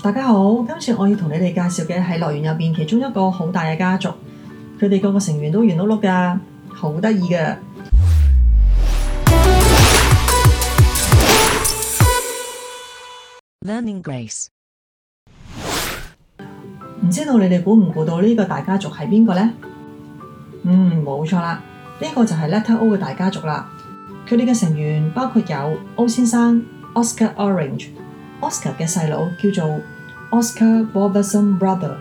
大家好，今次我要同你哋介紹嘅係樂園入面其中一個好大嘅家族，佢哋個個成員都圓碌碌噶，好得意嘅。Learning Grace，唔知道你哋估唔估到呢個大家族係邊個咧？嗯，冇錯啦，呢、這個就係 Letter O 嘅大家族啦。佢哋嘅成員包括有 O 先生、Oscar Orange。Oscar 嘅細佬叫做 Oscar's Bothersome Brother，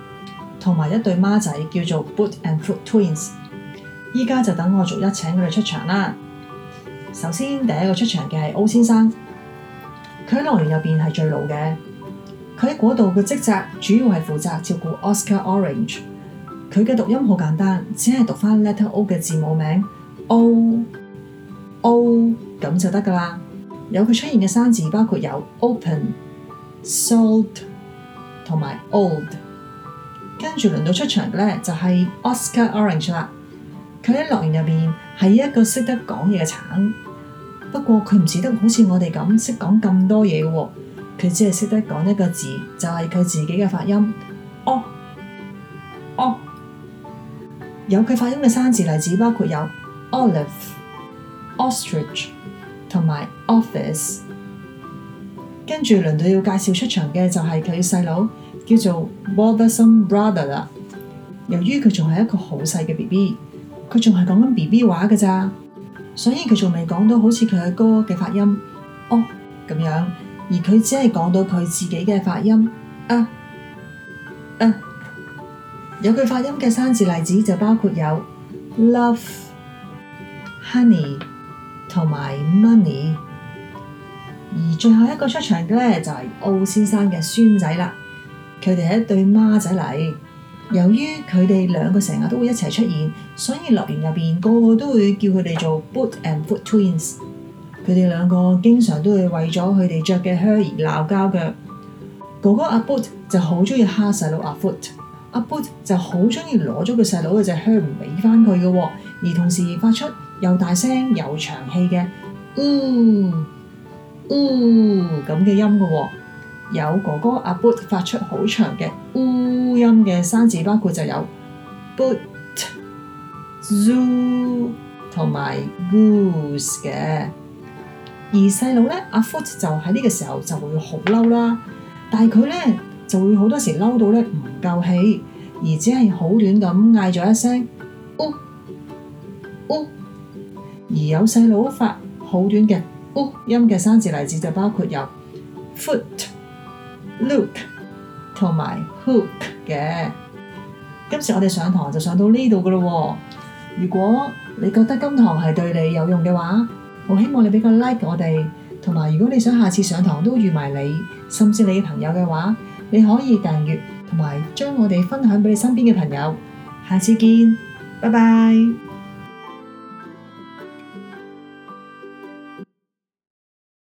同埋一對孖仔叫做 Boot and Foot Twins。依家就等我逐一請佢哋出場啦。首先，第一個出場嘅係 O 先生，佢喺樂園入面係最老嘅。佢喺嗰度嘅職責主要係負責照顧 Oscar Orange。佢嘅讀音好簡單，只係讀返 letter O 嘅字母名 O O 咁就得㗎啦。有佢出現嘅生字包括有 open。sold 同埋 old，跟住輪到出場嘅咧就係 Oscar Orange 啦。佢喺樂園入邊係一個識得講嘢嘅橙，不過佢唔似得好似我哋咁識講咁多嘢喎。佢只係識得講一個字就係、是、佢自己嘅發音哦，O、哦、有佢發音嘅生字例子包括有 olive、ostrich 同埋 office。跟住輪到要介紹出場嘅就係佢細佬，叫做 Bothersome Brother 啦。由於佢仲係一個好細嘅 BB，佢仲係講緊 BB 話㗎咋，所以佢仲未講到好似佢阿哥嘅發音哦咁樣。而佢只係講到佢自己嘅發音啊啊！有佢發音嘅生字例子就包括有 love、honey、同埋 money。最後一個出場嘅咧就係、是、奧先生嘅孫仔啦，佢哋係一對孖仔嚟。由於佢哋兩個成日都會一齊出現，所以樂園入邊個個都會叫佢哋做 Boot and Foot Twins。佢哋兩個經常都會為咗佢哋着嘅靴而鬧交嘅。哥哥阿 Boot 就好中意蝦細佬阿 Foot，阿 Boot 就好中意攞咗個細佬嘅隻靴唔俾翻佢嘅，而同時發出又大聲又長氣嘅嗯。嗚咁嘅音嘅，哦，有哥哥阿 Boot 發出好長嘅嗚音嘅生字包括就有 boot zoo 同埋 goose 嘅，而細佬咧阿 Foot 就喺呢個時候就會好嬲啦，但係佢咧就會好多時嬲到咧唔夠氣，而只係好短咁嗌咗一聲嗚嗚，而有細佬發好短嘅。oo 音嘅生字例子就包括有 foot、look 同埋 hook 嘅。今次我哋上堂就上到呢度㗎喇喎。如果你覺得今堂係對你有用嘅話，我希望你俾個 like 我哋。同埋，如果你想下次上堂都預埋你，甚至你朋友嘅話，你可以訂閱同埋將我哋分享俾你身邊嘅朋友。下次見，拜拜。